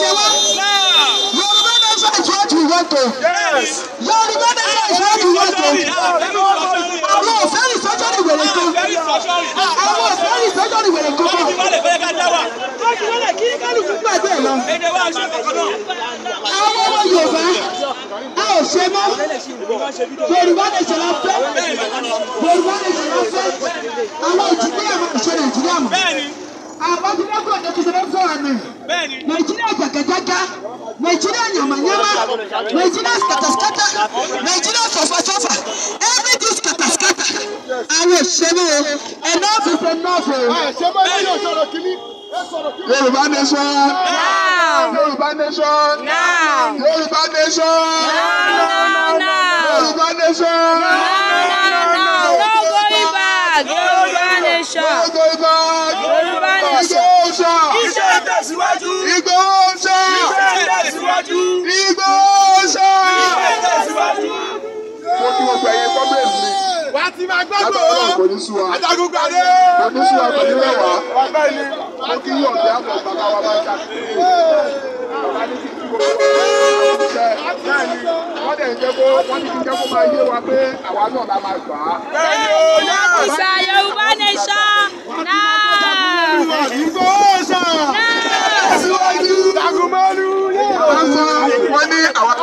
ṣe wá. Yorùbá nation is what we want to. Yorùbá nation is what we want to. Àwọn òfé ìsọ́jọ́rì wèrè kan. Àwọn òfé ìsọ́jọ́rì wèrè kan. Wọ́n ti wá lè fẹ́ ká dá wa. Wọ́n ti wá lè kí kálukú gbàgbé lọ. Èdè wa ṣe kọ̀kọ́ náà. Àwọn ọmọ Yorùbá a ò ṣe mọ́. Yorùbá nation la fẹ́. Yorùbá nation la fẹ́. Àwọn ìjìnlẹ̀ máa ṣe Nàìjíríà mọ́. Àwọn ìjìnlẹ̀ Nigeria, nàìjíríà Nigeria, nàìjíríà Nigeria, nàìjíríà Nigeria, nàìjíríà fọfàfọfà everything skàtàskàtà àwọn òṣèlú enough is enough o. yorùbá nation yorùbá nation. tẹ̀síwájú. Ìgbòho ṣá. Ìfẹ́ tẹ̀síwájú. Ìgbòho ṣá. Ìfẹ́ tẹ̀síwájú. Mo kí mo pẹ̀yẹ kọ́bẹ̀sì mi. Wà á ti máa gbàgbọ́. Adágún kò ní sú wa. Adágún gbàdé. Kò ní sú wa pẹ̀lú ẹ̀wà. Ọ̀gá ni mo kí yóò dé àpò bàbá wa bá jà. Bàbá ní kí n kí gbogbo wa. Bẹ́ẹ̀ ni wọ́n dẹ̀ ń jẹ́ kó wọ́n ti ń jẹ́ kó máa yé wa pé àwa náà la máa gbà á. Bẹ́ẹ̀ ni ó yá.